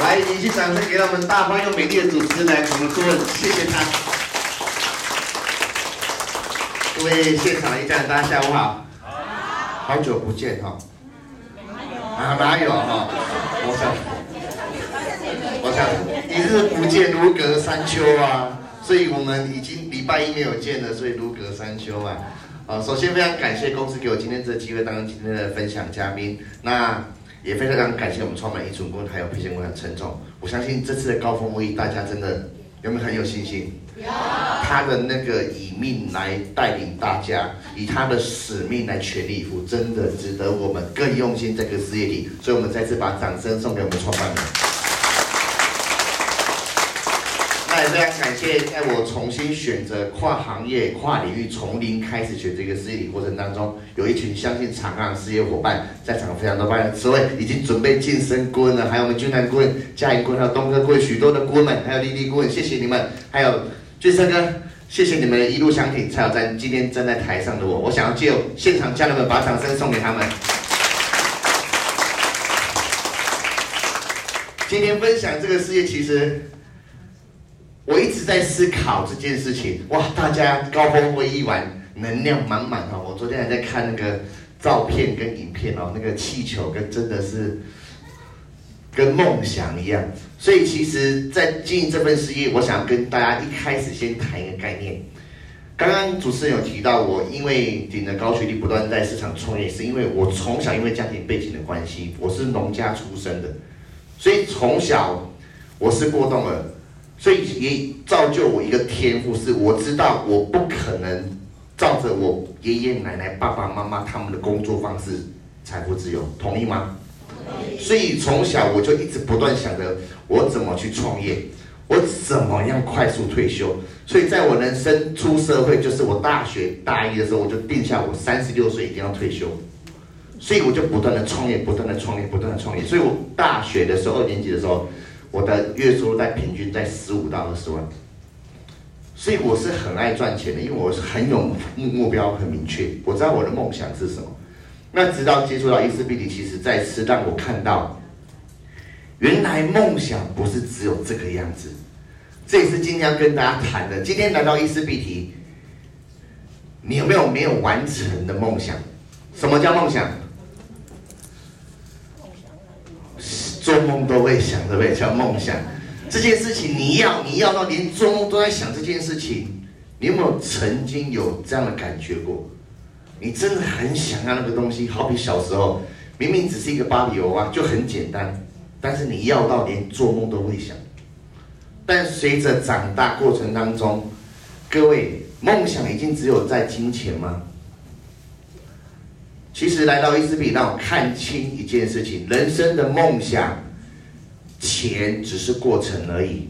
來，一起掌聲給我們大方又美麗的主持人來，我們各位，謝謝他。各位現場的家人大，大家下午好，好久不見哈、哦啊，哪有？哪有哈？我想，嗯嗯嗯嗯、我想，一日不見如隔三秋啊，所以我們已經禮拜一沒有見了，所以如隔三秋啊。啊、呃，首先非常感謝公司給我今天這個機會，當今天的分享嘉賓。那。也非常感謝我們創辦總工還有培訓工長陳總，我相信這次的高峰會議，大家真的有沒有很有信心？有，他的那個以命來帶領大家，以他的使命來全力以赴，真的值得我們更用心這個事業力，所以我們再次把掌聲送給我們創辦人。非常感謝，在我重新選擇跨行業、跨領域，從零開始選這個事業過程當中，有一群相信長剛事業夥伴在場非常多。歡迎諸位，已經準備晉升顧問了，還有我們軍團顧問、嘉穎顧問、東哥顧問，許多的顧問，還有莉莉顧問，謝謝你們。還有俊生哥，謝謝你們一路相挺，才有在今天站在台上的我。我想要借現場家人們把掌聲送給他們。今天分享這個事業，其實。我一直在思考這件事情，哇！大家高峰會議完，能量滿滿哈。我昨天還在看那個照片跟影片哦，那個氣球跟真的是跟夢想一樣。所以其實，在經營這份事業，我想要跟大家一開始先談一個概念。剛剛主持人有提到，我因為頂着高學歷，不斷在市場創業，是因為我從小因為家庭背景的關係，我是農家出身的，所以從小我是過動的。所以也造就我一個天賦，是我知道我不可能照着我爺爺奶奶、爸爸媽媽他們的工作方式，財富自由，同意嗎？所以從小我就一直不斷想着我怎麼去創業，我怎麼樣快速退休。所以在我人生出社會，就是我大學大一的時候，我就定下我三十六歲一定要退休。所以我就不斷的創業，不斷的創業，不斷的創業。所以我大學的時候，二年級的時候。我的月收入在平均在十五到二十萬，所以我是很愛賺錢的，因為我是很有目標，很明確，我知道我的夢想是什麼。那直到接觸到伊絲碧媞，其實再次，讓我看到，原來夢想不是只有這個樣子。這也是今天要跟大家談的。今天來到伊絲碧媞，你有沒有沒有完成的夢想？什麼叫夢想？做夢都會想，對不對？叫夢想。這件事情，你要你要到連做夢都在想這件事情，你有沒有曾經有這樣的感覺過？你真的很想要那個東西，好比小時候明明只是一個芭比娃娃啊，就很簡單，但是你要到連做夢都會想。但隨着長大過程當中，各位，夢想已經只有在金錢嗎？其實來到伊絲碧媞讓我看清一件事情：人生的夢想，錢只是過程而已。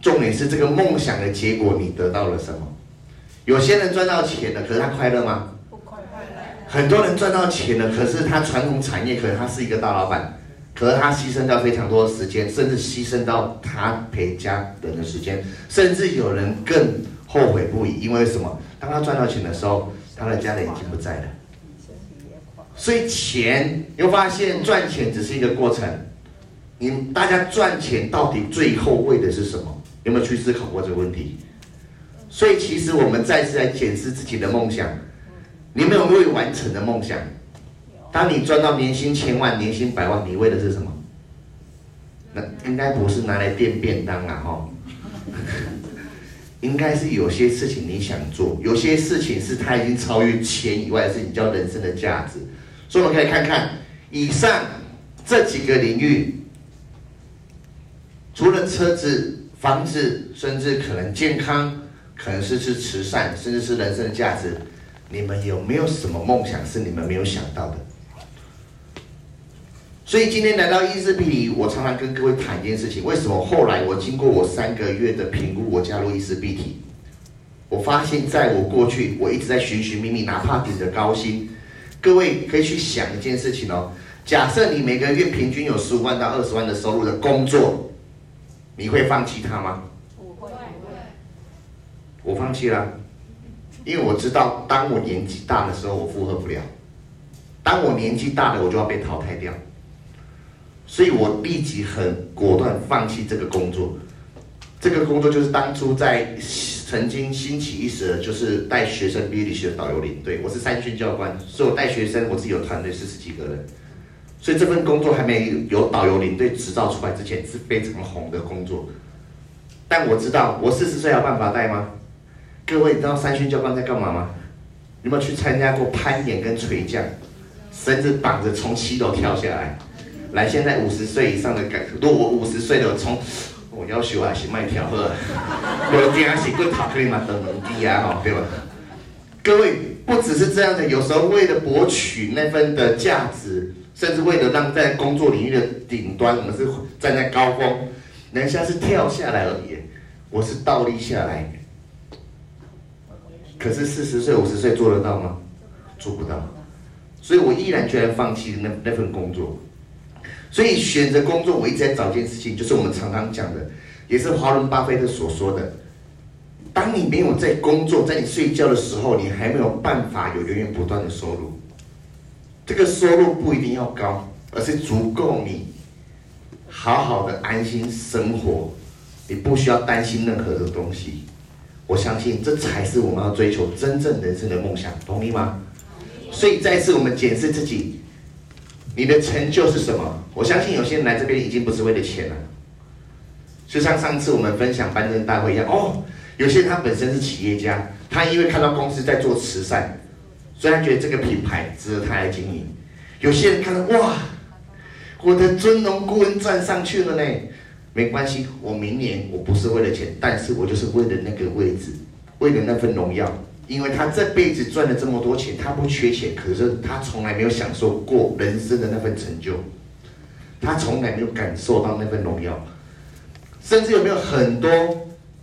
重點是這個夢想的結果，你得到了什麼？有些人賺到錢了，可是他快樂嗎？不快樂。很多人賺到錢了，可是他傳統產業，可能他是一個大老板，可是他犧牲掉非常多的時間，甚至犧牲到他陪家人的時間，甚至有人更後悔不已。因為什麼？當他賺到錢的時候，他的家人已經不在了。所以錢，你發現賺錢只是一個過程。你大家賺錢到底最後為的是什麼？有沒有去思考過這個問題？所以其實我們再次來檢視自己的夢想，你們有沒有完成的夢想？當你賺到年薪千萬、年薪百萬，你為的是什麼？那應該不是拿來墊便當啊！哈、哦， 應該是有些事情你想做，有些事情是它已經超越錢以外的事情，是你叫人生的價值。所以我們可以看看以上這幾個領域，除了車子、房子，甚至可能健康，可能是是慈善，甚至是人生的價值，你們有沒有什麼夢想是你們沒有想到的？所以今天來到伊絲碧媞，我常常跟各位談一件事情，為什麼後來我經過我三個月的評估，我加入伊絲碧媞，我發現在我過去我一直在尋尋覓覓，哪怕頂着高薪。各位可以去想一件事情哦，假設你每個月平均有十五萬到二十萬的收入的工作，你會放棄它嗎？我會，我放棄了，因為我知道當我年紀大的時候我負荷不了，當我年紀大的我就要被淘汰掉，所以我立即很果斷放棄這個工作。這個工作就是當初在曾經興起一時就是帶學生畢旅的導遊領隊，我是三軍教官，所以我帶學生，我自己有團隊四十幾個人，所以這份工作還沒有，有導遊領隊執照出來之前是非常紅的工作。但我知道我四十歲有辦法帶嗎？各位知道三軍教官在幹嘛嗎？有沒有去參加過攀岩跟垂降，甚至綁着從七樓跳下來？來，現在五十歲以上的敢，如果我五十歲的從。我、哦啊、要學還 是賣跳呵，我天還是過頭去嘛，等等。梯啊吼，對吧？ 各位不只是這樣的，有時候為了博取那份的價值，甚至為了讓在工作領域的頂端，我們是站在高峰，人家是跳下來而已，我是倒立下來。可是四十歲、五十歲做得到嗎？做不到，所以我毅然決然放棄那那份工作。所以選擇工作，我一直在找一件事情，就是我們常常講的，也是華倫巴菲特所說的，當你沒有在工作，在你睡覺的時候，你還沒有辦法有源源不斷的收入。這個收入不一定要高，而是足夠你好好的安心生活，你不需要擔心任何的東西。我相信這才是我們要追求真正人生的夢想，同意嗎？所以再次我們檢視自己。你的成就是什麼？我相信有些人來這邊已經不是為了錢了。就像上次我們分享頒獎大會一樣，哦，有些人他本身是企業家，他因為看到公司在做慈善，所以他覺得這個品牌值得他來經營。有些人看到哇，我的尊榮顧問站上去了呢，沒關係，我明年我不是為了錢，但是我就是為了那個位置，為了那份榮耀。因為他這輩子賺了這麼多錢，他不缺錢，可是他從來沒有享受過人生的那份成就，他從來沒有感受到那份榮耀，甚至有沒有很多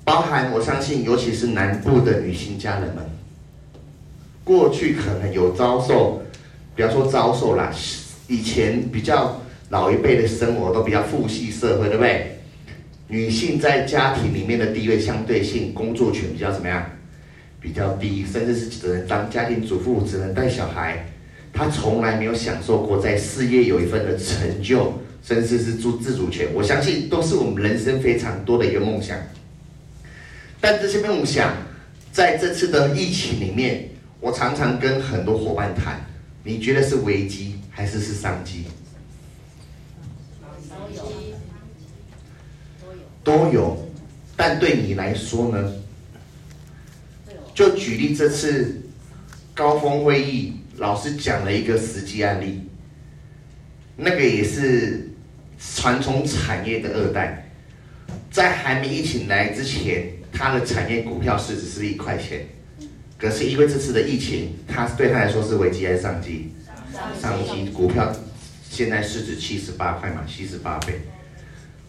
包含？我相信，尤其是南部的女性家人們，過去可能有遭受，比方說遭受啦，以前比較老一輩的生活都比較父系社會，對不對？女性在家庭裡面的地位相對性，工作權比較怎麼樣？比較低，甚至是只能當家庭主婦，只能帶小孩，他從來沒有享受過在事業有一份的成就，甚至是自主權。我相信都是我們人生非常多的一個夢想。但這些夢想，在這次的疫情裡面，我常常跟很多夥伴談，你覺得是危機還是是商機？都有，都有，但對你來說呢？就舉例，這次高峰會議老師講了一個實際案例，那個也是傳統產業的二代，在還沒疫情來之前，它的產業股票市值是一塊錢，可是因為這次的疫情，它對他來說是危機還是商機？商機。股票現在市值七十八塊嘛，七十八倍。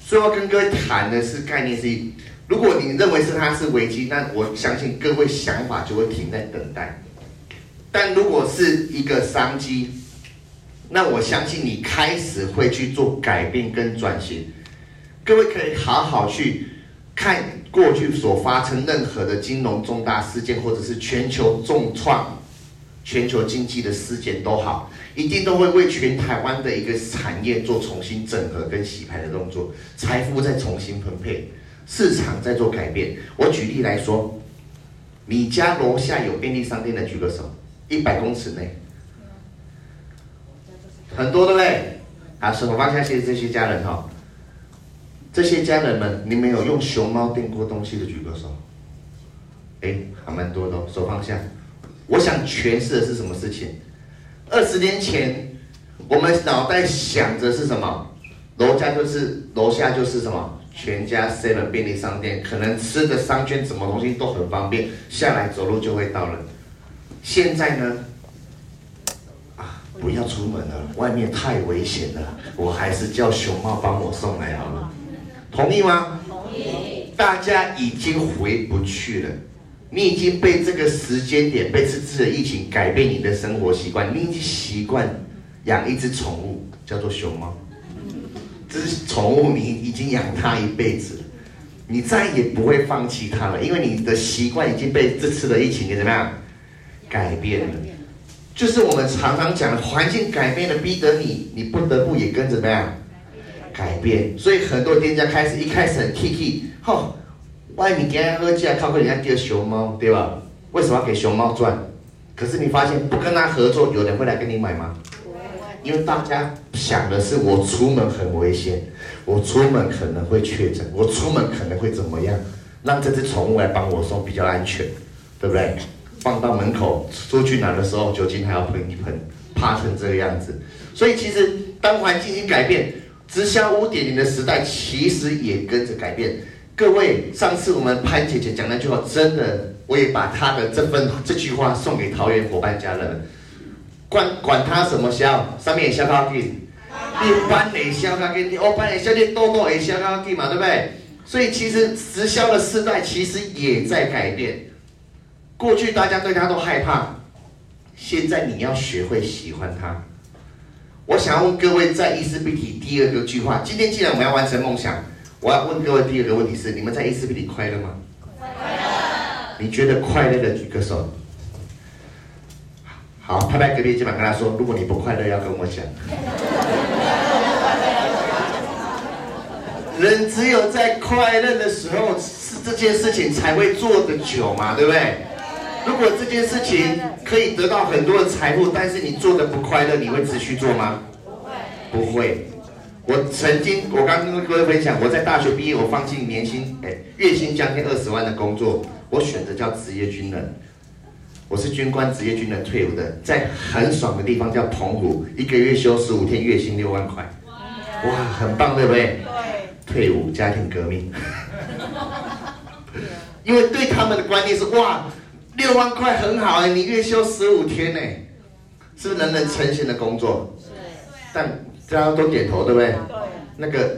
所以跟各位談的是概念是。如果你認為是它是危機，那我相信各位想法就會停在等待；但如果是一個商機，那我相信你開始會去做改變跟轉型。各位可以好好去看過去所發生任何的金融重大事件，或者是全球重創全球經濟的事件都好，一定都會為全台灣的一個產業做重新整合跟洗牌的動作，財富再重新分配。市場在做改變。我舉例來說，你家樓下有便利商店的舉個手，一百公尺內，很多的嘞。啊，手放下。謝謝這些家人哈、哦。這些家人們，你們有用熊貓訂過東西的舉個手。哎，還、啊、蠻多的，手放下。我想詮釋的是什麼事情？二十年前，我們腦袋想着是什麼？樓下就是樓下就是什麼？全家 Seven 便利商店，可能吃的商圈什麼東西都很方便，下來走路就會到了。現在呢，啊，不要出門了，外面太危險了，我還是叫熊貓幫我送來好了。同意嗎？同意。大家已經回不去了，你已經被這個時間點被這次的疫情改變你的生活習慣，你已經習慣養一隻寵物叫做熊貓。這是寵物，你已經養它一輩子了，你再也不會放棄它了，因為你的習慣已經被這次的疫情給怎麼樣改變,改變了？就是我們常常講的環境改變了，逼得你，你不得不也跟着怎麼樣改變,改,變改變。所以很多店家開始一開始很氣氣，吼，外面給他喝價，靠給人家丟熊貓，對吧？為什麼要給熊貓賺？可是你發現不跟他合作，有人會來跟你買嗎？因為大家想的是，我出門很危險，我出門可能會確診，我出門可能會怎麼樣？讓這隻寵物來幫我送比較安全，對不對？放到門口，出去拿的時候，酒精還要噴一噴，怕成這個樣子。所以其實當環境一改變，直銷五點零的時代其實也跟着改變。各位，上次我們潘姐姐講那句話，真的，我也把她的這份這句話送給桃園夥伴家人。管管他什麼銷，上面也銷卡片，你班也銷卡片，你哦班裡銷去，多豆也銷卡片嘛，對不對？所以其實直銷的時代其實也在改變。過去大家對他都害怕，現在你要學會喜歡他。我想問各位，在伊絲碧媞第二個句話，今天既然我們要完成夢想，我要問各位第二個問題是：你們在伊絲碧媞快樂嗎？快樂。你覺得快樂的舉個手。好，拍拍隔壁肩膀，跟他說：“如果你不快樂，要跟我講。人只有在快樂的時候，是這件事情才會做得久嘛，對不對？如果這件事情可以得到很多的財富，但是你做的不快樂，你會持續做嗎？不會，我曾經，我剛剛跟各位分享，我在大學畢業，我放棄年薪誒月薪將近二十萬的工作，我選擇叫職業軍人。”我是軍官，職業軍人退伍的，在很爽的地方叫澎湖，一個月休十五天，月薪六萬塊，哇，很棒，對不對？對。退伍家庭革命、 啊，因為對他們的觀念是哇，六萬塊很好哎、欸，你月休十五天呢、欸，是不是人人誠心的工作？是、啊。但大家都點頭，對不對？對、啊。那個，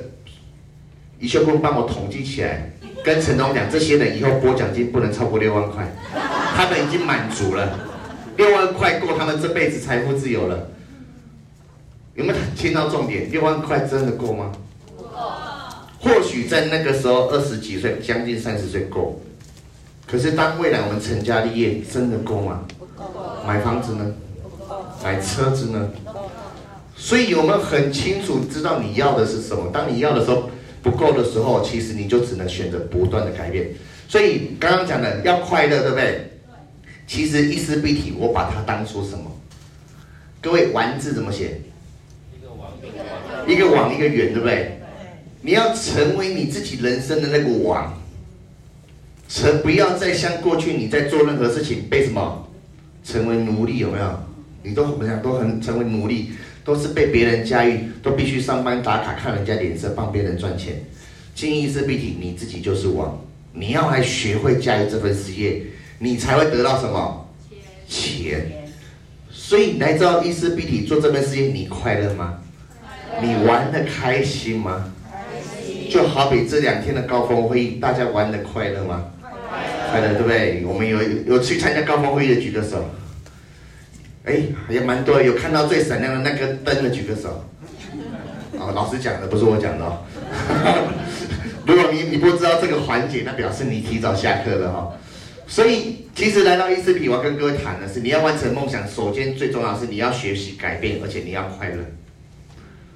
余秀部幫我統計起來，跟陳總講，這些人以後撥獎金不能超過六萬塊。他們已經滿足了，六萬塊夠他們這輩子財富自由了。有沒有聽到重點？六萬塊真的夠嗎？不夠。或許在那個時候二十幾歲，將近三十歲夠。可是當未來我們成家立業，真的夠嗎？買房子呢？買車子呢？所以有沒有很清楚知道你要的是什麼？當你要的時候不夠的時候，其實你就只能選擇不斷的改變。所以剛剛講的要快樂，對不對？其實，伊絲碧媞，我把它當做什麼？各位，王字怎麼寫？一個王，一個圓，對不對,對？你要成為你自己人生的那個王，不要再像過去你在做任何事情被什麼成為奴隸，有沒有？你都怎都很成為奴隸，都是被別人駕馭，都必須上班打卡、看人家臉色、幫別人賺錢。今伊絲碧媞，你自己就是王，你要來學會駕馭這份事業。你才會得到什麼錢，錢？所以你來知道，伊絲碧媞做這件事業，你快樂嗎？你玩得開心嗎？就好比這兩天的高峰會議，大家玩得快樂嗎？快樂，快樂，對不對？我們有有去參加高峰會的舉個手。哎，有蠻多。有看到最閃亮的那個燈的舉個手。哦，老師講的，不是我講的哦。 如果你你不知道這個環節，那表示你提早下課了哈、哦。所以，其實來到伊絲碧媞，我要跟各位談的是，你要完成夢想，首先最重要的是你要學習改變，而且你要快樂，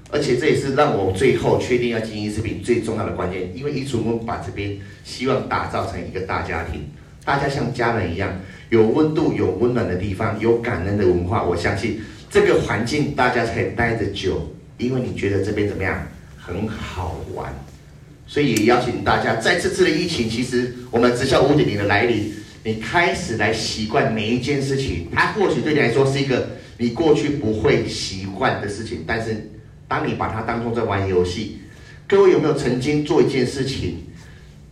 而且這也是讓我最後確定要進伊絲碧媞最重要的關鍵。因為伊絲碧媞把這邊希望打造成一個大家庭，大家像家人一樣，有溫度、有溫暖的地方，有感恩的文化。我相信這個環境大家才待得久，因為你覺得這邊怎麼樣？很好玩。所以也邀請大家在這次，次的疫情，其實我們直銷五點零的來臨。你開始來習慣每一件事情，它或許對你來說是一個你過去不會習慣的事情，但是當你把它當做在玩遊戲。各位有沒有曾經做一件事情，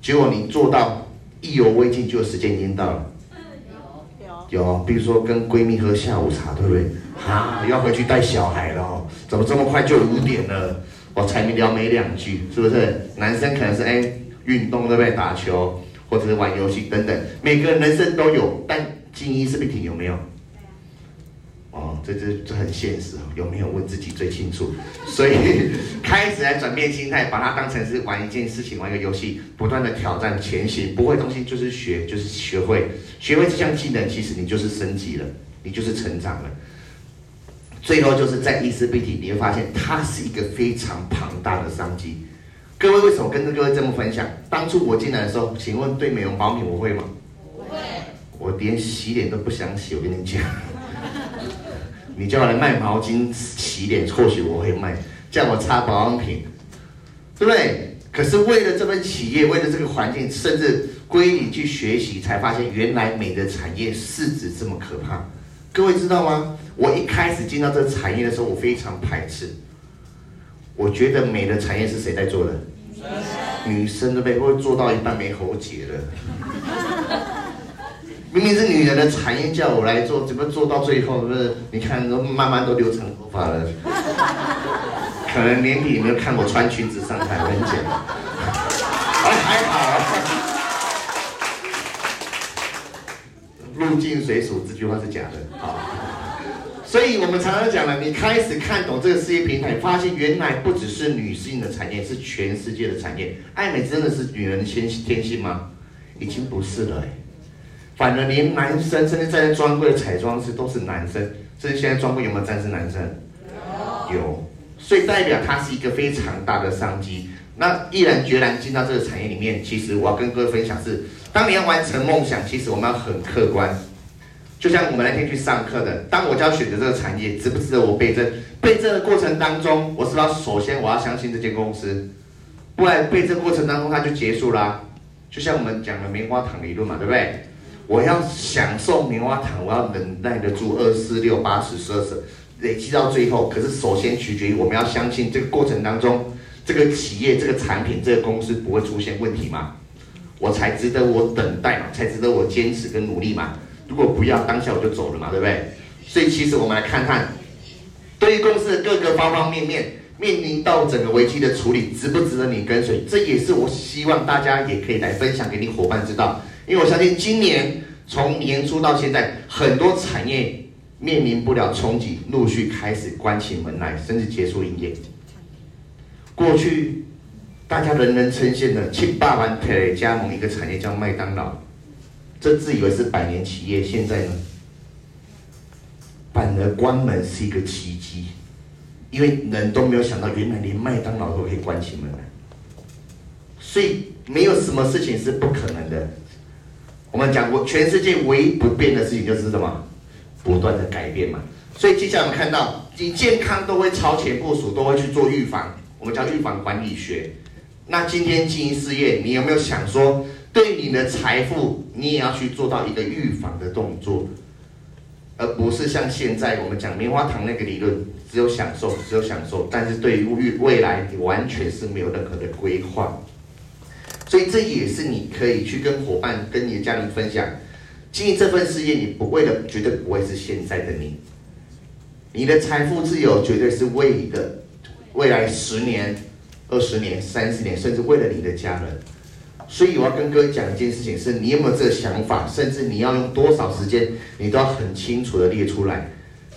結果你做到意猶未盡，就時間已經到了？有有。有，比如說跟閨蜜喝下午茶，對不對？哈、啊、要回去帶小孩了，怎麼這麼快就五點了？我才沒聊沒兩句，是不是？男生可能是哎，運動對不對？打球。或者是玩遊戲等等，每個人人生都有。但伊絲碧媞有沒有？哦，這這這很現實，有沒有？問自己最清楚。所以開始來轉變心態，把它當成是玩一件事情，玩一個遊戲，不斷的挑戰前行。不會東西就是學，就是學會。學會這項技能，其實你就是升級了，你就是成長了。最後就是在伊絲碧媞，你會發現它是一個非常龐大的商機。各位為什麼跟着各位這麼分享？當初我進來的時候，請問對美容保養品我會嗎？不會，我連洗臉都不想洗。我跟你講， 你叫我來賣毛巾洗臉，或許我會賣；叫我擦保養品，對不對？可是為了這份企業，為了這個環境，甚至歸零去學習，才發現原來美的產業市值這麼可怕。各位知道嗎？我一開始進到這個產業的時候，我非常排斥。我覺得美的產業是誰在做呢？女生的背後做到一半沒喉結了， 明明是女人的產業叫我來做，怎麼做到最後是不是？你看都慢慢都留長頭髮了， 可能年底有沒有看我穿裙子上台我演好了還好，好，好，好，入境隨俗這句話是假的啊。好所以我們常常講了，你開始看懂這個事業平台，發現原來不只是女性的產業，是全世界的產業。愛美真的是女人的天性嗎？已經不是了誒，反而連男生甚至站在專櫃的彩妝師都是男生。甚至現在專櫃有沒有站是男生？有。所以代表它是一個非常大的商機。那毅然決然進到這個產業裡面，其實我要跟各位分享是，當你要完成夢想，其實我們要很客觀。就像我們那天去上課的，當我就要選擇這個產業，值不值得我倍增？倍增的過程當中，我是不知道，首先我要相信這間公司，不然倍增過程當中它就結束了啊。就像我們講的棉花糖理論嘛，對不對？我要享受棉花糖，我要忍耐得住二四六八十十二十，累積到最後。可是首先取決於我們要相信這個過程當中，這個企業、這個產品、這個公司不會出現問題嘛，我才值得我等待嘛，才值得我堅持跟努力嘛。如果不要，當下我就走了嘛，對不對？所以其實我們來看看，對於公司的各個方方面面面臨到整個危機的處理，值不值得你跟隨？這也是我希望大家也可以來分享給你夥伴知道，因為我相信今年從年初到現在，很多產業面臨不了衝擊，陸續開始關起門來，甚至結束營業。過去大家人人稱羨的七八萬台加盟一個產業叫麥當勞。這自以為是百年企業，現在呢，反而關門是一個奇蹟，因為人都沒有想到，原來連麥當勞都可以關起門來，所以沒有什麼事情是不可能的。我們講過，全世界唯一不變的事情就是什麼？不斷的改變嘛。所以接下來我們看到，你健康都會超前部署，都會去做預防，我們叫預防管理學。那今天經營事業，你有沒有想說？對你的財富，你也要去做到一個預防的動作，而不是像現在我們講棉花糖那個理論，只有享受，只有享受，但是對於未未來，你完全是沒有任何的規劃。所以這也是你可以去跟夥伴、跟你的家人分享，經營這份事業，你不為了，絕對不會是現在的你，你的財富自由，絕對是為你的未來十年、二十年、三十年，甚至為了你的家人。所以我要跟各位講一件事情，是你有沒有這個想法，甚至你要用多少時間，你都要很清楚的列出來。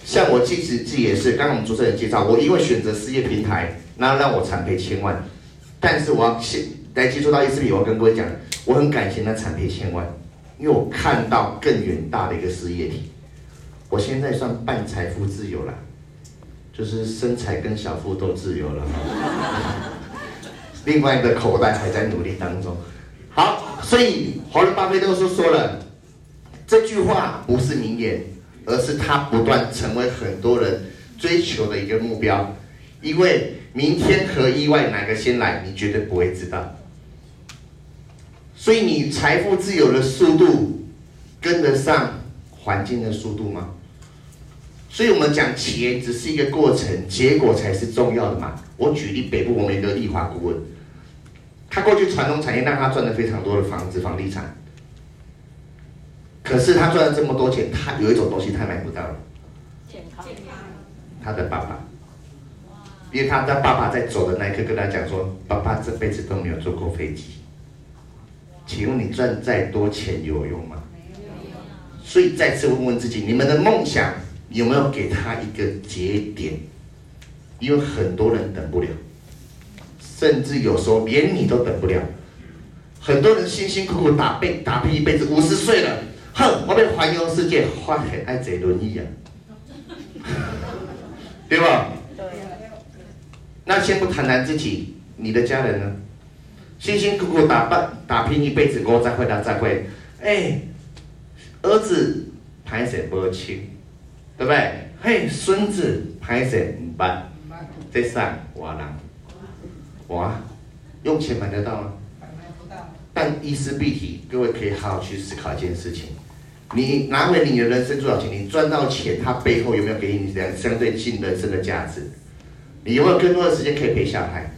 像我其實自己也是，剛剛我們主持人介紹，我因為選擇事業平台，然後讓我慘賠千萬。但是我要先來接觸到一次，我要跟各位講，我很感謝那慘賠千萬，因為我看到更遠大的一個事業體。我現在算半財富自由了，就是身材跟小腹都自由了，另外一個口袋還在努力當中。所以，華人巴菲特都說了，這句話不是名言，而是他不斷成為很多人追求的一個目標。因為明天和意外哪個先來，你絕對不會知道。所以，你財富自由的速度跟得上環境的速度嗎？所以，我們講錢只是一個過程，結果才是重要的嘛。我舉例北部我們的立法顧問。他過去傳統產業讓他賺了非常多的房子、房地產，可是他賺了這麼多錢，他有一種東西他買不到了。健康。他的爸爸。因為他他爸爸在走的那一刻跟他講說：“爸爸這輩子都沒有坐過飛機，請問你賺再多錢有用嗎？”沒有用。所以再次問問自己：你們的夢想有沒有給他一個節點？因為很多人等不了。甚至有時候連你都等不了，很多人辛辛苦苦打拼打拼一輩子，五十歲了，哼，我被環遊世界，花嘿愛賊輪椅啊， 對吧？對啊。那先不談談自己，你的家人呢？辛辛苦苦打拼打拼一輩子歲歲，我再回來再會，哎，兒子拍攝不清，對不對？嘿，孫子拍攝不般，這上我郎。我啊，用錢買得到嗎？買不到。但伊絲碧媞，各位可以好好去思考一件事情：你拿回你的人生多少錢？你賺到錢，它背後有沒有給你兩相對性人生的價值？你有沒有更多的時間可以陪小孩？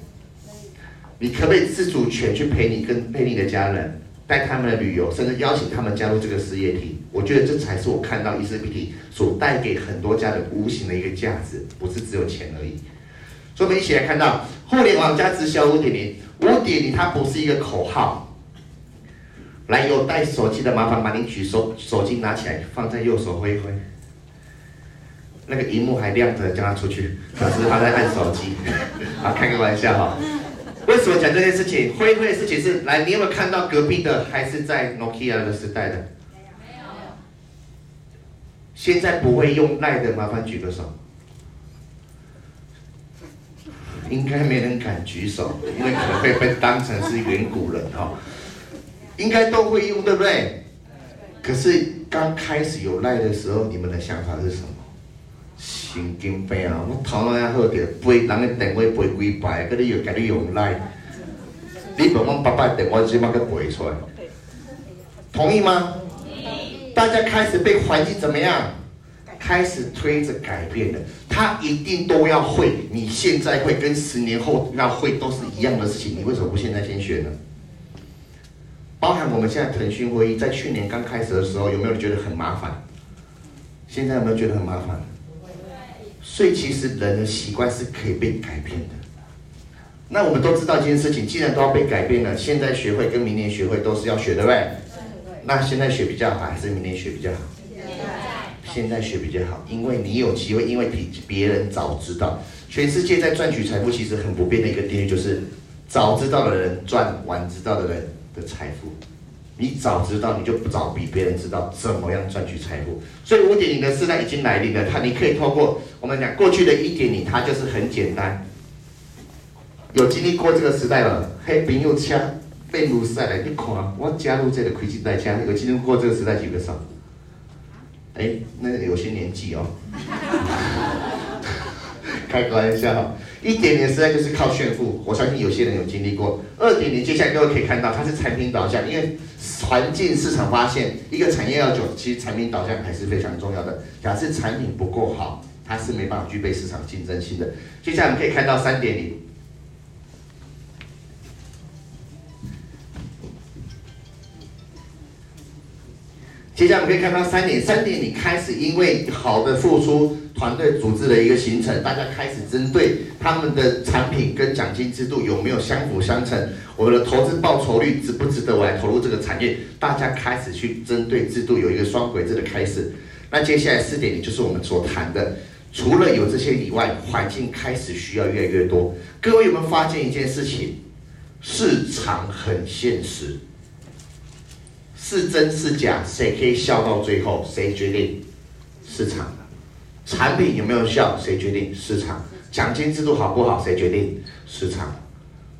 你可不你可以自主權去陪你，跟陪你的家人，帶他們旅遊，甚至邀請他們加入這個事業體。我覺得這才是我看到伊絲碧媞所帶給很多家人的無形的一個價值，不是只有錢而已。所以我們一起來看到互聯網加直銷五點零，五點零它不是一個口號。來，有帶手機的麻煩，把你您舉手，手機拿起來放在右手揮一揮。那個熒幕還亮着，叫他出去。老師他在按手機， 開個玩笑哈。 為什麼講這件事情？揮一揮的事情是，來，你有沒有看到隔壁的還是在 Nokia 的時代的？沒有，沒有。現在不會用賴的，麻煩舉個手。應該沒人敢舉手，因為可能會被當成是遠古人哦。應該都會用，對不對？可是剛開始有賴的時候，你們的想法是什麼？神經病啊！我頭腦還好點，背人的電話背幾百，這裡又改裡用賴，你本望八爸爸的電話起碼個背出來，同意嗎？大家開始被懷疑怎麼樣？開始推着改變的，他一定都要會。你現在會跟十年後要會都是一樣的事情，你為什麼不現在先學呢？包含我們現在騰訊會議在去年剛開始的時候，有沒有覺得很麻煩？現在有沒有覺得很麻煩？所以其實人的習慣是可以被改變的。那我們都知道這件事情，既然都要被改變了，現在學會跟明年學會都是要學，對不對？那現在學比較好，還是明年學比較好？現在學比較好，因為你有機會，因為比別人早知道。全世界在賺取財富，其實很不變的一個定律就是：早知道的人賺，晚知道的人的財富。你早知道，你就不早比別人知道怎麼樣賺取財富。所以五點零的時代已經來臨了它，他你可以透過我們講過去的一點零，它就是很簡單。有經歷過這個時代了，黑屏又槍被擼下來，你看我加入這個科技代槍，我經歷過這個時代幾個少。哎，那有些年紀哦， 開個玩笑哦，一點零實在就是靠炫富，我相信有些人有經歷過。二點零接下來各位可以看到，它是產品導向，因為環境市場發現一個產業要久，其實產品導向還是非常重要的。假設產品不夠好，它是沒辦法具備市場競爭性的。接下來我們可以看到三點零。接下來我們可以看到三點，三點你開始因為好的付出，團隊組織的一個形成，大家開始針對他們的產品跟獎金制度有沒有相輔相成，我們的投資報酬率值不值得我來投入這個產業，大家開始去針對制度有一個雙軌制的開始。那接下來四點也就是我們所談的，除了有這些以外，環境開始需要越來越多。各位有沒有發現一件事情？市場很現實。是真是假，誰可以笑到最後？誰決定市場？產品有沒有效？誰決定市場？獎金制度好不好？誰決定市場？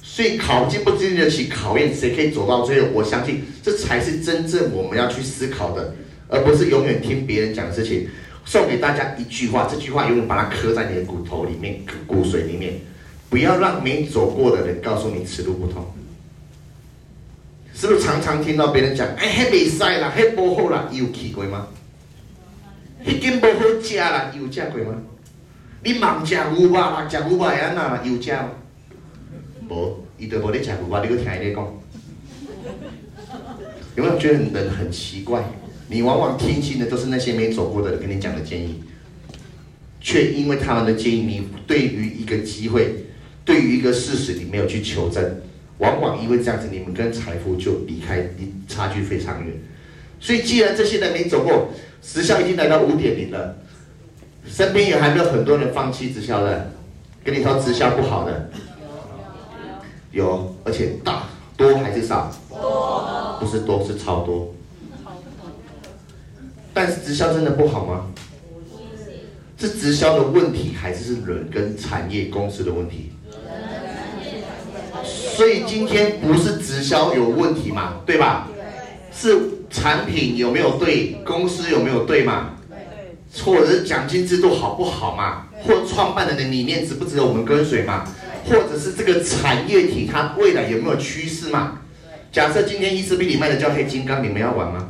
所以考經不經得起考驗？誰可以走到最後？我相信這才是真正我們要去思考的，而不是永遠聽別人講的事情。送給大家一句話，這句話永遠把它刻在你的骨頭裡面、骨髓裡面，不要讓沒走過的人告訴你此路不通。是不是常常聽到別人講，哎，迄袂使啦，迄無好啦，你有去過嗎？迄間無好食啦，你有食過嗎？ 你盲食牛排，盲食牛排，安那有食嗎、哦？無， 伊都無咧食牛排，你都聽伊咧講。 有沒有我覺得人很，很奇怪？你往往聽信的都是那些沒走過的人跟你講的建議，卻因為他們的建議，你對於一個機會，對於一個事實，你沒有去求證往往因為這樣子，你們跟財富就離開，離差距非常遠。所以，既然這些人沒走過，直銷已經來到五點零了，身邊也還沒有很多人放棄直銷的，跟你說，直銷不好的，有，有，有有有，而且大多還是少，多，不是多，是超多。但是，直銷真的不好嗎？是這直銷的問題，還是是人跟產業公司的問題？所以今天不是直銷有問題嘛，對吧？是產品有沒有對，公司有沒有對嘛？或者是獎金制度好不好嘛？或創辦人的理念值不值得我們跟隨嘛？或者是這個產業體它未來有沒有趨勢嘛？假設今天一支筆你賣的叫黑金剛，你們要玩嗎？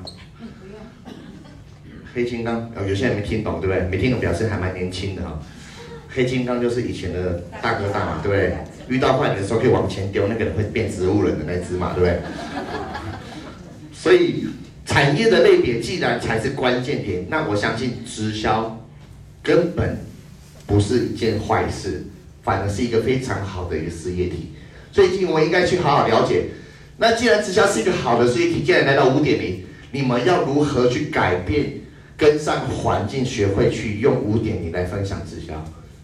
黑金剛啊、哦，有些人沒聽懂，對不對？沒聽懂表示還蠻年輕的哈、哦。黑金剛就是以前的大哥大嘛，對不對？遇到壞人的時候可以往前丟，那個人會變植物人的那隻嘛，對不對？ 所以產業的類別既然才是關鍵點，那我相信直銷根本不是一件壞事，反而是一個非常好的一個事業體，最近我應該去好好了解。那既然直銷是一個好的事業體，既然來到五點零，你們要如何去改變、跟上環境，學會去用五點零來分享直銷？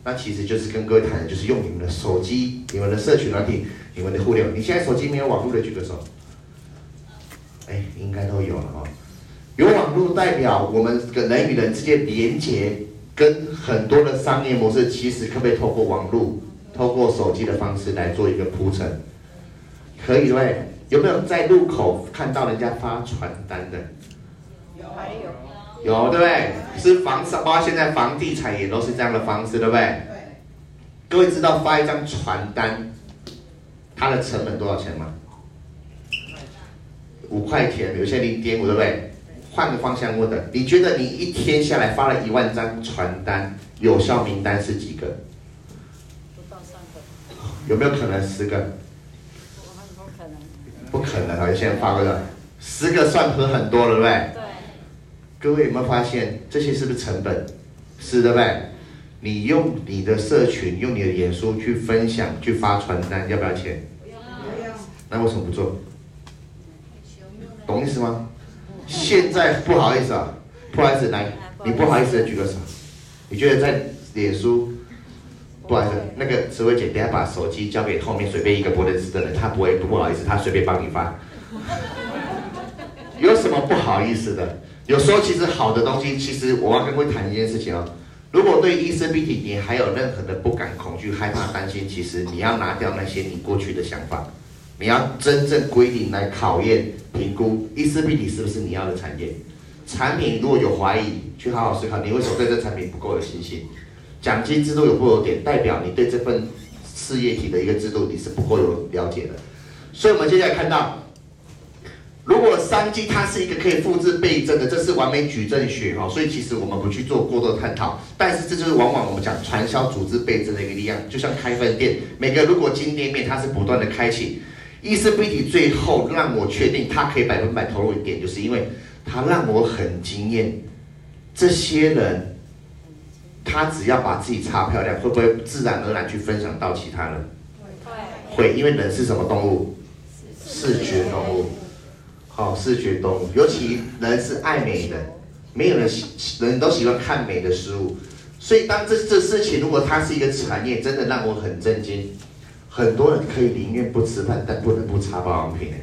那其實就是跟各位談的，就是用你們的手機、你們的社群軟體、你們的互聯網。你現在手機沒有網絡的舉個手，哎，應該都有了哦。有網絡代表我們人與人之間連接，跟很多的商業模式，其實可不可以透過網絡、透過手機的方式來做一個鋪陳？可以，對不對？有沒有在路口看到人家發傳單的？有。有對不對？是房子，包括現在房地產也都是這樣的方式，對不對？各位知道發一張傳單，它的成本多少錢嗎？五塊錢，有些零點五，對不對？換個方向問的，你覺得你一天下來發了一萬張傳單，有效名單是幾個？有沒有可能十個？不可能。不可能，好像現在發個。十個算很很多了，對不對？各位有沒有發現這些是不是成本？是的唄。你用你的社群，用你的臉書去分享，去發傳單，要不要錢不、啊？那為什麼不做？不啊、懂意思嗎？現在不好意思啊，不，不好意思，來思，你不好意思的舉個手。你覺得在臉書不，不好意思，那個紫薇姐，等下把手機交給後面隨便一個不認識的人，她不會不，不好意思，她隨便幫你發， 有什麼不好意思的？有時候其實好的東西，其實我要跟各位談一件事情哦。如果對 E C B T 伊絲碧媞你還有任何的不敢、恐懼、害怕、擔心，其實你要拿掉那些你過去的想法，你要真正規定來考驗、評估伊絲碧媞是不是你要的產業。產品如果有懷疑，去好好思考，你為什麼對這產品不夠有信心？獎金制度有不有點代表你對這份事業體的一個制度你是不夠有了解的。所以，我們接下來看到。如果商機它是一個可以複製倍增的，這是完美矩陣學哈，所以其實我們不去做過多探討。但是這就是往往我們講傳銷組織倍增的一個力量，就像開分店，每個如果金店面它是不斷的開啟。伊絲碧媞最後讓我確定它可以百分百投入一點，就是因為它讓我很驚艷。這些人，他只要把自己擦漂亮，會不會自然而然去分享到其他人？會，會，因為人是什麼動物？視覺動物。好、哦，視覺動物，尤其人是愛美的，沒有人人都喜歡看美的事物，所以當這這事情如果它是一個產業，真的讓我很震驚，很多人可以寧願不吃飯，但不能不擦保養品。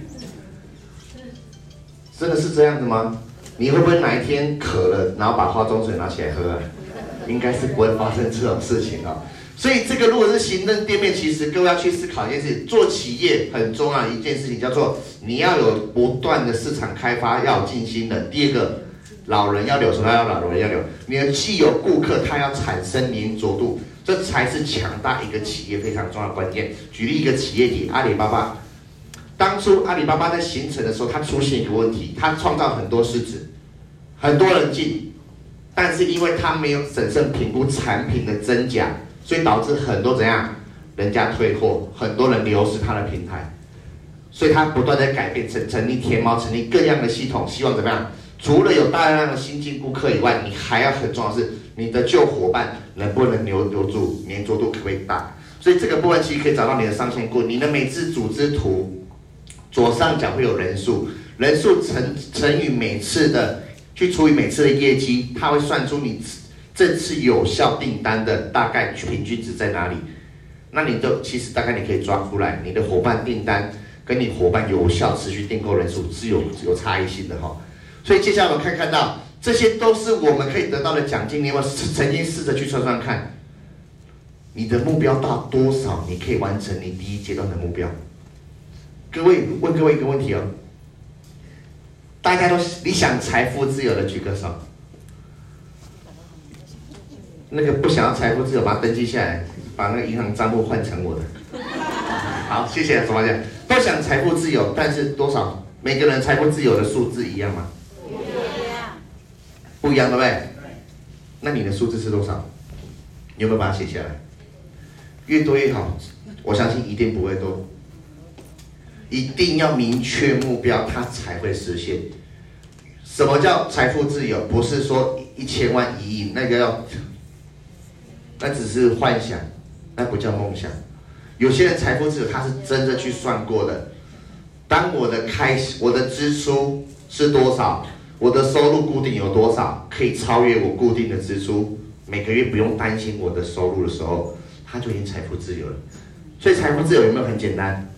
真的是這樣子嗎？你會不會哪一天渴了，然後把化妝水拿起來喝，啊？應該是不會發生這種事情哦。所以這個如果是行政店面，其實各位要去思考一件事：做企業很重要一件事情叫做你要有不斷的市場開發，要有進新的。第二個，老人要留，什麼要老人要留？你要既有顧客，他要產生黏着度，這才是強大一個企業非常重要的關鍵。舉例一個企業體，阿里巴巴，當初阿里巴巴在形成的時候，它出現一個問題，它創造很多市值，很多人進，但是因為它沒有審慎評估產品的真假。所以導致很多怎樣，人家退貨，很多人流失他的平台，所以他不斷地改變，成成立天貓，成立各樣的系統，希望怎麼樣？除了有大量的新進顧客以外，你還要很重要的是你的舊夥伴能不能留留住，粘着度可不可以大？所以這個部分其實可以找到你的上線過，你的每次組織圖，左上角會有人數，人數乘乘以每次的，去除以每次的業績，他會算出你，這次有效訂單的大概平均值在哪裡？那你的其實大概你可以抓出來，你的夥伴訂單跟你夥伴有效持續訂購人數是有有差異性的哈。所以接下來我們可以看到，這些都是我們可以得到的獎金。你們曾經試着去算算看，你的目標到多少，你可以完成你第一階段的目標？各位問各位一個問題哦，大家都你想財富自由的舉個手。那個不想要財富自由，把它登記下來，把那個銀行賬戶換成我的。好，謝謝主辦方。都想財富自由，但是多少？每個人財富自由的數字一樣嗎？不一樣，不一樣，那你的數字是多少？你有沒有把它寫下來？越多越好，我相信一定不會多。一定要明確目標，它才會實現。什麼叫財富自由？不是說一千萬、一億，那個要。那只是幻想，那不叫夢想。有些人財富自由，他是真的去算過的。當我的開始，我的支出是多少，我的收入固定有多少，可以超越我固定的支出，每個月不用擔心我的收入的時候，他就已經財富自由了。所以財富自由有沒有很簡單？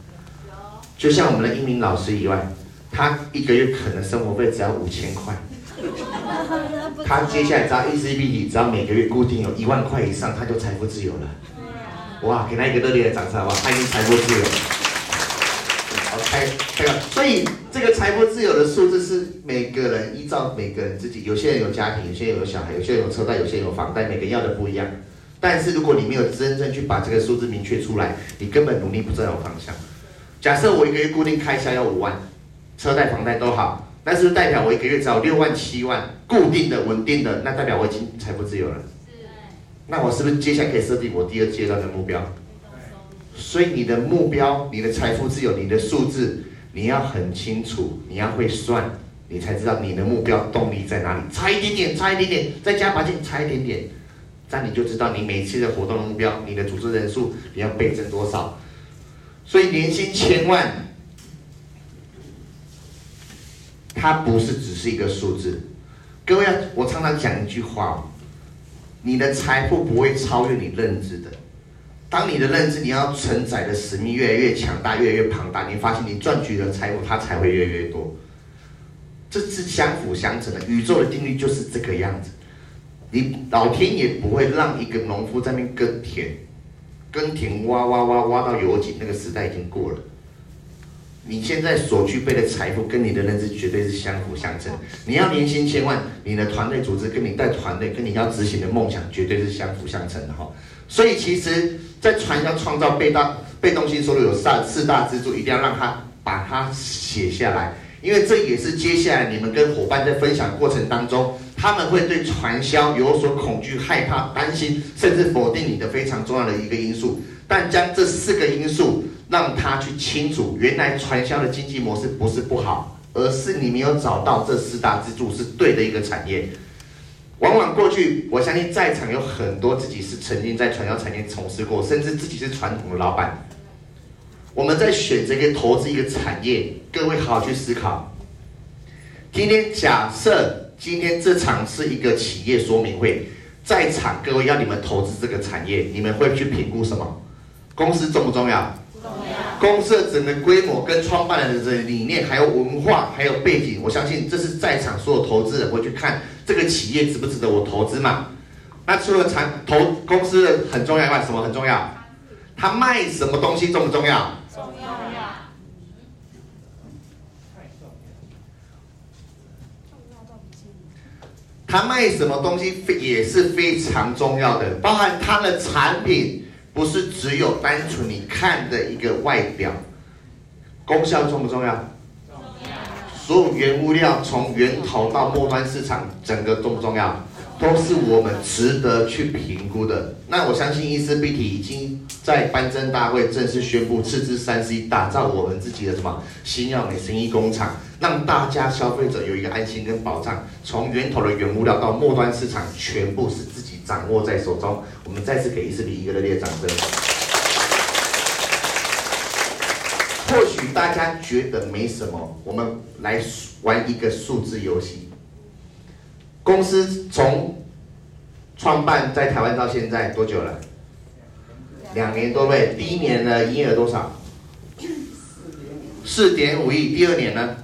就像我們的英明老師以外，他一個月可能生活費只要五千塊。 他接下來只要 ECB，你只要每個月固定有一萬塊以上，他就財富自由了。哇，給他一個熱烈的掌聲好不好？他已經財富自由了。OK，OK 啊。所以這個財富自由的數字是每個人依照每個人自己，有些人有家庭，有些人有小孩，有些人有車貸，有些人有房貸，每個人要的不一樣。但是如果你沒有真正去把這個數字明確出來，你根本努力不知道有方向。假設我一個月固定開銷要五萬，車貸房貸都好。那是不是代表我一個月只六萬七萬固定的穩定的？那代表我已經財富自由了。那我是不是接下來可以設定我第二階段的目標？對。所以你的目標、你的財富自由、你的數字，你要很清楚，你要會算，你才知道你的目標動力在哪裡。差一點點，差一點點，再加把勁，差一點點，這樣你就知道你每次的活動的目標，你的組織人數你要倍增多少。所以年薪千萬。它不是只是一個數字，各位，我常常講一句話，你的財富不會超越你認知的。當你的認知，你要承載的使命越來越強大、越來越龐大，你發現你賺取的財富它才會越來越多，這是相輔相成的。宇宙的定律就是這個樣子，你老天也不會讓一個農夫在那邊耕田，耕田挖挖挖挖，挖，挖到油井，那個時代已經過了。你現在所具備的財富跟你的認知絕對是相輔相成。你要年薪千萬，你的團隊組織跟你帶團隊、跟你要執行的夢想絕對是相輔相成的哈。所以其實，在傳銷創造被動被動性收入有四大四大支柱，一定要讓他把它寫下來，因為這也是接下來你們跟夥伴在分享的過程當中，他們會對傳銷有所恐懼、害怕、擔心，甚至否定你的非常重要的一個因素。但將這四個因素。讓他去清楚，原來傳銷的經濟模式不是不好，而是你沒有找到這四大支柱是對的一個產業。往往過去，我相信在場有很多自己是曾經在傳銷產業從事過，甚至自己是傳統的老闆。我們在選擇一個投資一個產業，各位好好去思考。今天假設今天這場是一個企業說明會，在場各位要你們投資這個產業，你們會去評估什麼？公司重不重要？公司的整個規模，跟創辦人的理念，還有文化，還有背景，我相信這是在場所有投資人會去看這個企業值不值得我投資嘛？那除了產投公司的很重要以外，什麼很重要？他賣什麼東西重不重要？重要啊。他賣什麼東西非也是非常重要的，包含他的產品。不是只有單純你看的一個外表，功效重不重要？重要。所有原物料從源頭到末端市場，整個重不重要？都是我們值得去評估的。那我相信，伊絲碧媞已經在頒證大會正式宣布，斥資三億打造我們自己的什麼新藥美生一工廠，讓大家消費者有一個安心跟保障。從源頭的原物料到末端市場，全部是自己。掌握在手中，我們再次給伊絲碧媞一個熱烈的掌聲。或許大家覺得沒什麼，我們來玩一個數字遊戲。公司從創辦在台灣到現在多久了？兩年多唄。第一年的營業額多少？四點五億。第二年呢？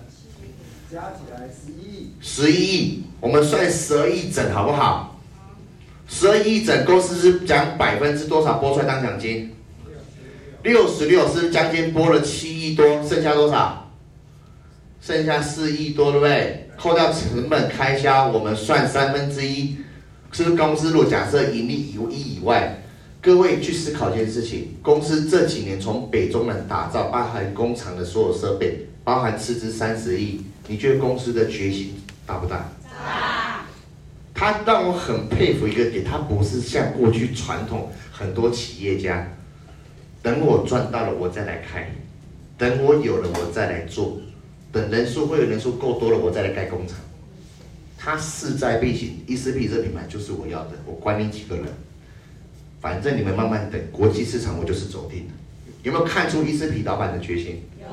加起來十一億。十一億，我們算十二億整，好不好？十二億整，公司是將百分之多少撥出來當獎金？六十六，是將近撥了七億多，剩下多少？剩下四億多對不對？扣掉成本開銷，我們算三分之一，是不是公司如果假設盈利有一億以外，各位去思考一件事情：公司這幾年從北中南打造包含工廠的所有設備，包含斥資三十億，你覺得公司的決心大不大？他讓我很佩服一個點，他不是像過去傳統很多企業家，等我賺到了我再來開，等我有了我再來做，等人數會有人數夠多了我再來蓋工廠。他勢在必行，伊斯 p 這品牌就是我要的，我管你幾個人，反正你們慢慢等，國際市場我就是走定了。有沒有看出伊絲碧媞老闆的決心？有。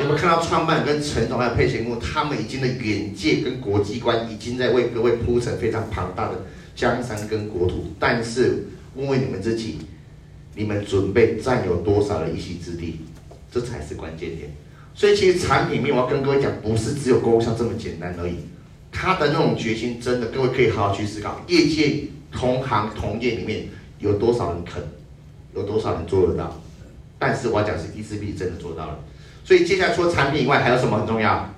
有沒有看到創辦跟陳總還有佩賢木，他們已經的眼界跟國際觀，已經在為各位鋪成非常龐大的江山跟國土。但是，問問你們自己，你們準備佔有多少的一席之地？這才是關鍵點。所以，其實產品面，我要跟各位講，不是只有供貨商這麼簡單而已。他的那種決心，真的，各位可以好好去思考。業界同行同業裡面，有多少人肯？有多少人做得到？但是我要講是第四 B 真的做到了，所以接下來除了產品以外還有什麼很重要？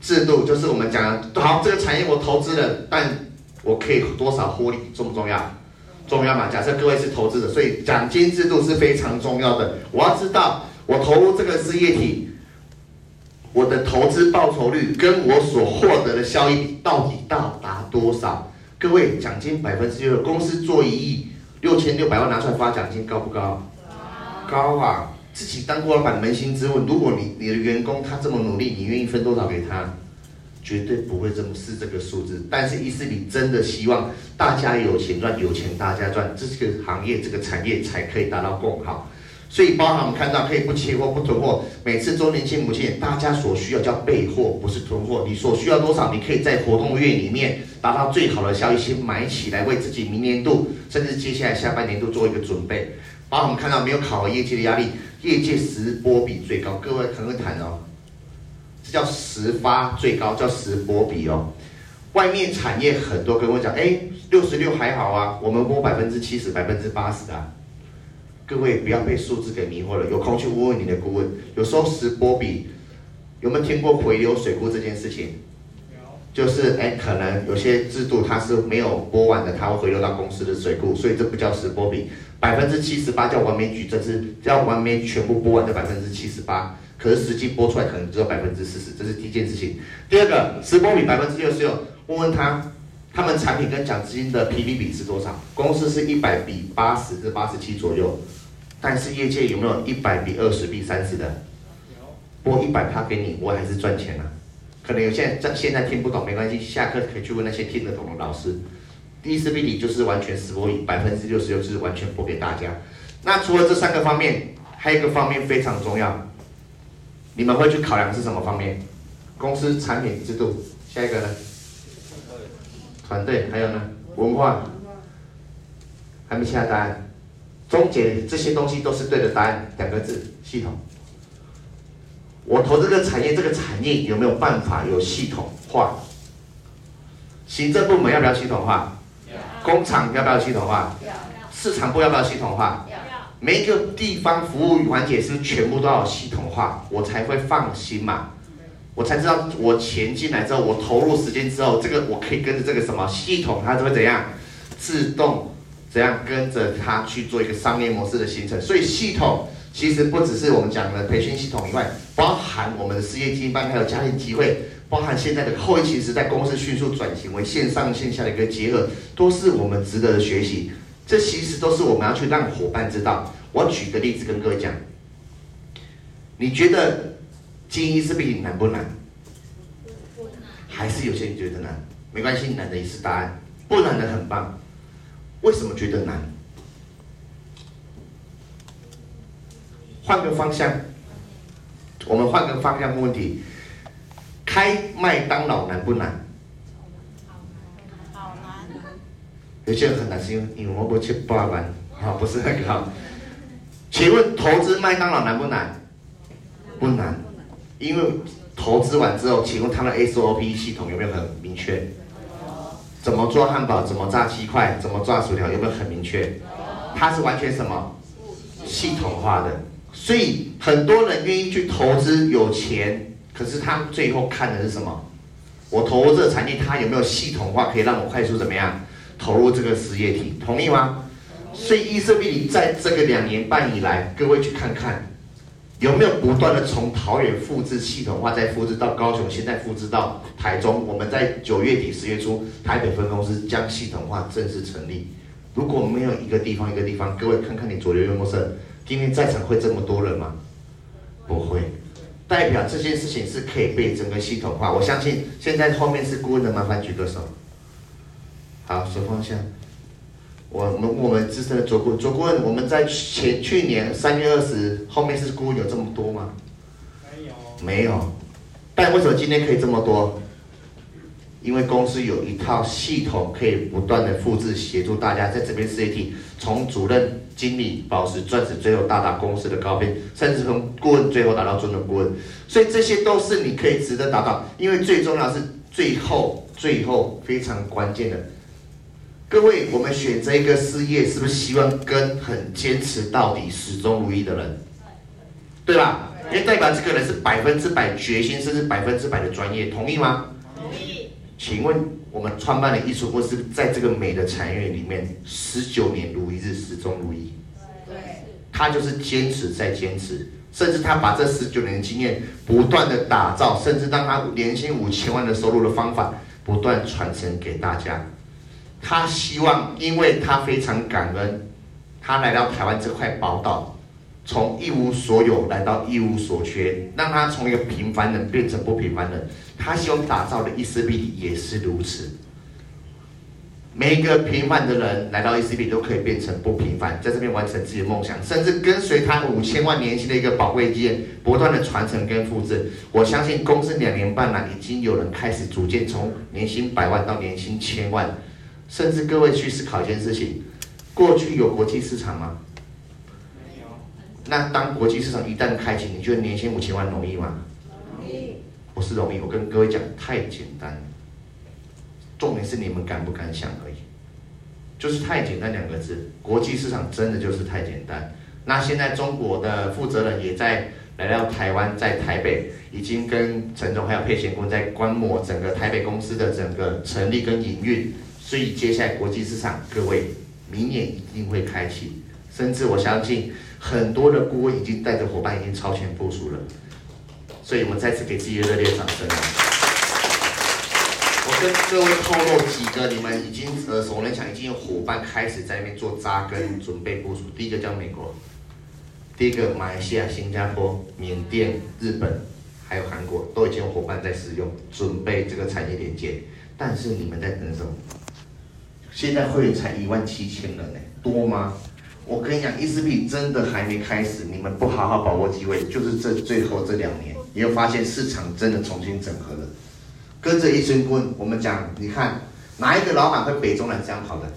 制度，就是我們講的好，這個產業我投資了，但我可以有多少獲利重不重要？重要嘛？假設各位是投資者，所以獎金制度是非常重要的。我要知道我投入這個事業體，我的投資報酬率，跟我所獲得的效益到底到達多少？各位獎金百分之六，公司做一億六千六百萬拿出來發獎金高不高？高啊！自己當過老闆，捫心自問：如果你你的員工他這麼努力，你願意分多少給他？絕對不會這麼是這個數字。但是，伊絲碧媞你真的希望大家有錢賺，有錢大家賺，這個行業這個產業才可以達到共好。所以，包含我們看到可以不缺貨、不囤貨。每次週年慶、母親節，大家所需要叫備貨，不是囤貨。你所需要多少，你可以在活動月裡面達到最好的效益，先買起來，為自己明年度甚至接下來下半年度做一個準備。好，我們看到沒有考核業績的壓力，業績十波比最高。各位可談一談哦，這叫十發最高，叫十波比哦。外面產業很多，跟我講，哎、欸，六十六還好啊，我們摸百分之七十、百分之八十啊。各位不要被數字給迷惑了，有空去問問你的顧問。有時候十波比，有沒有聽過回流水庫這件事情？就是哎，可能有些制度，它是沒有播完的。它會回流到公司的水庫，所以這不叫實播比百分之七十八，叫完美矩，這是叫完美、全部播完的百分之七十八，可是實際播出來可能只有百分之四十，這是第一件事情。第二個，實播比百分之六十六，問問他，他們產品跟獎資金的 PV 比是多少？公司是一百比八十至八十七左右。但是業界有沒有一百比二十、比三十的？播一百趴給你，我還是賺錢啊？可能有些在現在聽不懂沒關係，下課可以去問那些聽得懂的老師。第一次 m e 就是完全直播，百分之六十六是完全不給大家。那除了這三個方面，還有一個方面非常重要，你們會去考量是什麼方面？公司、產品、制度，下一個呢？團隊，還有呢？文化？還沒下答案？總結這些東西都是對的答案，兩個字：系統。我投這個產業，這個產業有沒有辦法有系統化？行政部門要不要系統化？工廠要不要系統化？市場部要不要系統化？要。每一個地方服務環節是，是全部都要系統化，我才會放心嘛。我才知道我錢進來之後，我投入時間之後，這個我可以跟着這個什麼系統，它就會怎樣自動怎樣跟着它去做一個商業模式的形成。所以系統。其實不只是我們講的培訓系統以外，包含我們的事業精英班，還有家庭機會，包含現在的後疫情時代，公司迅速轉型為線上線下的一個結合，都是我們值得的學習。這其實都是我們要去讓夥伴知道。我舉個例子跟各位講，你覺得精英是比你難不難？還是有些人你覺得難？沒關係，難的也是答案，不難的很棒。為什麼覺得難？換個方向，我們換個方向問題，開麥當勞難不難？好難。有些人很難是因為我不去罷班？啊，不是很好。 請問投資麥當勞難不難？不難，因為投資完之後，請問它的 SOP 系統有沒有很明確？怎麼做漢堡？怎麼炸雞塊？怎麼炸薯條？有沒有很明確？它是完全什麼？系統化的。所以很多人願意去投資有錢，可是他最後看的是什麼？我投入這個產業，它有沒有系統化，可以讓我快速怎麼樣投入這個事業體？同意嗎？所以伊絲碧媞在這個兩年半以來，各位去看看有沒有不斷的從桃園複製系統化，再複製到高雄，現在複製到臺中。我們在九月底十月初，台北分公司將系統化正式成立。如果沒有一個地方一個地方，各位看看你左鄰右舍。今天在場會這麼多人嗎？不會，代表這件事情是可以被整個系統化。我相信現在後面是顧問的，麻煩舉個手。好，手放下。我我們我們自身的左顧左顧問，我們在前，前去年三月二十，後面是顧問有這麼多嗎？沒有。沒有。但為什麼今天可以這麼多？因為公司有一套系統，可以不斷的複製協助大家在這邊 CT，從主任、經理、寶石、鑽石，最後到達公司的高配，甚至從顧問最後達到中的顧問，所以這些都是你可以值得達到。因為最重要是最後，最後非常關鍵的。各位，我們選擇一個事業，是不是希望跟很堅持到底、始終如一的人，對吧？因為代表這個人是百分之百決心，甚至百分之百的專業，同意嗎？同意。請問。我們創辦的藝術公司，在這個美的產業裡面，十九年如一日，始終如一。對，他就是堅持再堅持，甚至他把這十九年的經驗不斷地打造，甚至讓他年薪五千萬的收入的方法不斷地傳承給大家。他希望，因為他非常感恩，他來到台灣這塊寶島。從一無所有來到一無所缺，讓他從一個平凡人變成不平凡人。他希望打造的伊絲碧媞也是如此。每一個平凡的人來到伊絲碧媞都可以變成不平凡，在這邊完成自己的夢想，甚至跟隨他五千萬年薪的一個寶貴經驗，不斷的傳承跟複製。我相信公司兩年半了，已經有人開始逐漸從年薪百萬到年薪千萬，甚至各位去思考一件事情：過去有國際市場嗎？那當國際市場一旦開啟，你覺得年薪五千萬容易嗎？容易不是容易，我跟各位講，太簡單了，重點是你們敢不敢想而已，就是太簡單兩個字。國際市場真的就是太簡單。那現在中國的負責人也在來到台灣，在台北已經跟陳總還有佩賢工在觀摩整個台北公司的整個成立跟營運，所以接下來國際市場各位明年一定會開啟，甚至我相信。很多的顧問已經帶着夥伴已經超前部署了，所以我們再次給自己的熱烈掌聲。我跟各位透露幾個，你們已經呃，什麼能已經有夥伴開始在那邊做紮根準備部署。第一個叫美國，第一個馬來西亞、新加坡、緬甸、日本，還有韓國都已經有夥伴在使用，準備這個產業連接。但是你們在等什麼？現在會員才一萬七千人呢，多嗎？我跟你講，ECP 真的還沒開始，你們不好好把握機會，就是這最後這兩年你會發現市場真的重新整合了。跟着一群棍，我們講，你看哪一個老闆會北中南這樣跑的？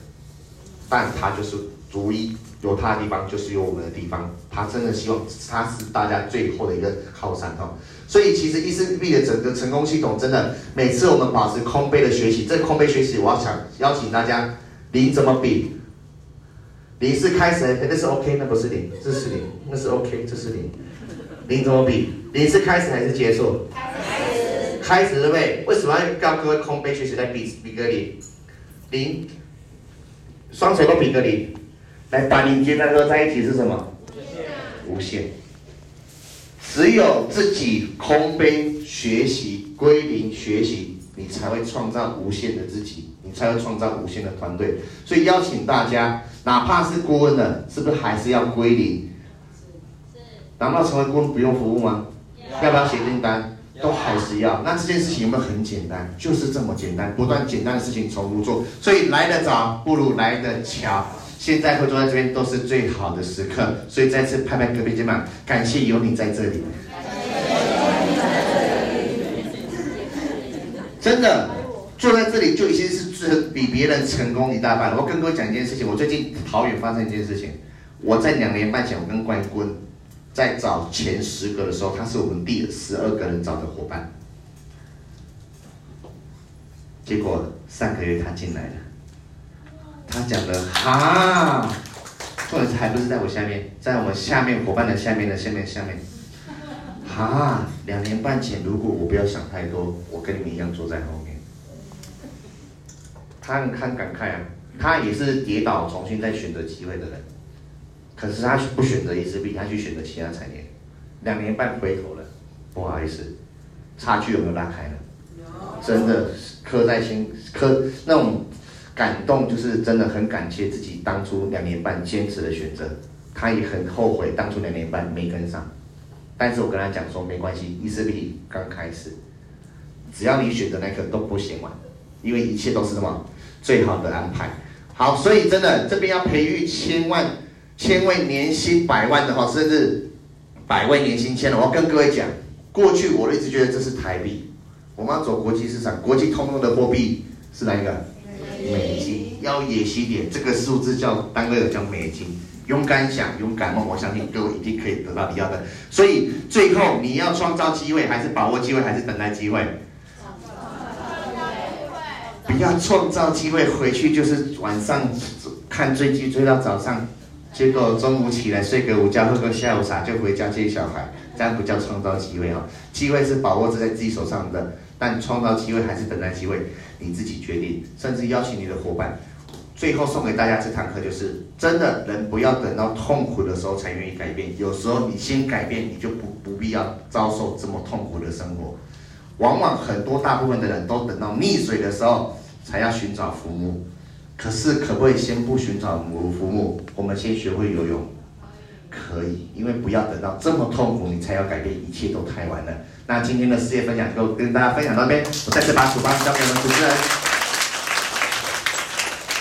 但他就是逐，唯一有他的地方就是有我們的地方，他真的希望他是大家最後的一個靠山哦。所以其實 ECP 的整個成功系統真的，每次我們保持空杯的學習，這空杯學習我要想邀請大家，您怎麼比？零是開始是、欸，那是 OK，那不是零，這是零，那是 OK，這是零。零怎麼比？零是開始還是結束？開始，開始對不對？為什麼要教各位空杯學習？來比比個零，零，雙手都比個零，來把零接那個在一起是什麼？無限，無限。只有自己空杯學習、歸零學習，你才會創造無限的自己，你才會創造無限的團隊。所以邀請大家。哪怕是顧問的，是不是還是要歸零？是，是。難道成為顧問不用服務嗎？Yeah. 要不要寫訂單？Yeah. 都還是要。那這件事情有沒有很簡單？Yeah. 就是這麼簡單，不斷簡單的事情重複做。所以來得早不如來得巧。現在會坐在這邊都是最好的時刻。所以再次拍拍隔壁肩膀，感謝有你在這裡。Yeah. 真的。坐在這裡就已經是比別人成功一大半了。我跟各位講一件事情，我最近桃園發生一件事情。我在兩年半前，我跟關坤在找前十個的時候，他是我們第十二個人找的夥伴。結果三個月他進來了，他講的哈，或者是還不是在我下面，在我們下面夥伴的下面的下面的下面，哈、啊，兩年半前如果我不要想太多，我跟你們一樣坐在後面。他很感慨啊，他也是跌倒重新再選擇機會的人，可是他不選擇伊絲碧，他去選擇其他產業，兩年半回頭了，不好意思，差距有沒有拉開呢？真的刻在心，刻那種感動就是真的很感謝自己當初兩年半堅持的選擇，他也很後悔當初兩年半沒跟上，但是我跟他講說沒關係，伊絲碧剛開始，只要你選擇那個都不行嘛，因為一切都是什麼？最好的安排，好，所以真的這邊要培育千萬、千位年薪百萬的話，甚至百位年薪千的話，我要跟各位講，過去我一直覺得這是台幣，我們要走國際市場，國際通用的貨幣是哪一個？美金。美金要野心點，這個數字叫單位叫美金。勇敢想，勇敢夢，我相信各位一定可以得到你要的。所以最後你要創造機會，還是把握機會，還是等待機會？不要創造機會，回去就是晚上看追劇追到早上，結果中午起來睡個午覺，喝個下午茶就回家接小孩，這樣不叫創造機會哦！機會是把握在自己手上的，但創造機會，還是等待機會，你自己決定。甚至邀請你的夥伴。最後送給大家這堂課就是：真的人不要等到痛苦的時候才願意改變，有時候你先改變，你就不不必要遭受這麼痛苦的生活。往往很多大部分的人都等到溺水的時候。才要尋找浮木。可是可不可以先不尋找母乳浮木？我們先學會游泳，可以，因為不要等到這麼痛苦，你才要改變，一切都太晚了。那今天的事業分享就跟大家分享到這邊，我再次把手把交給我們主持人。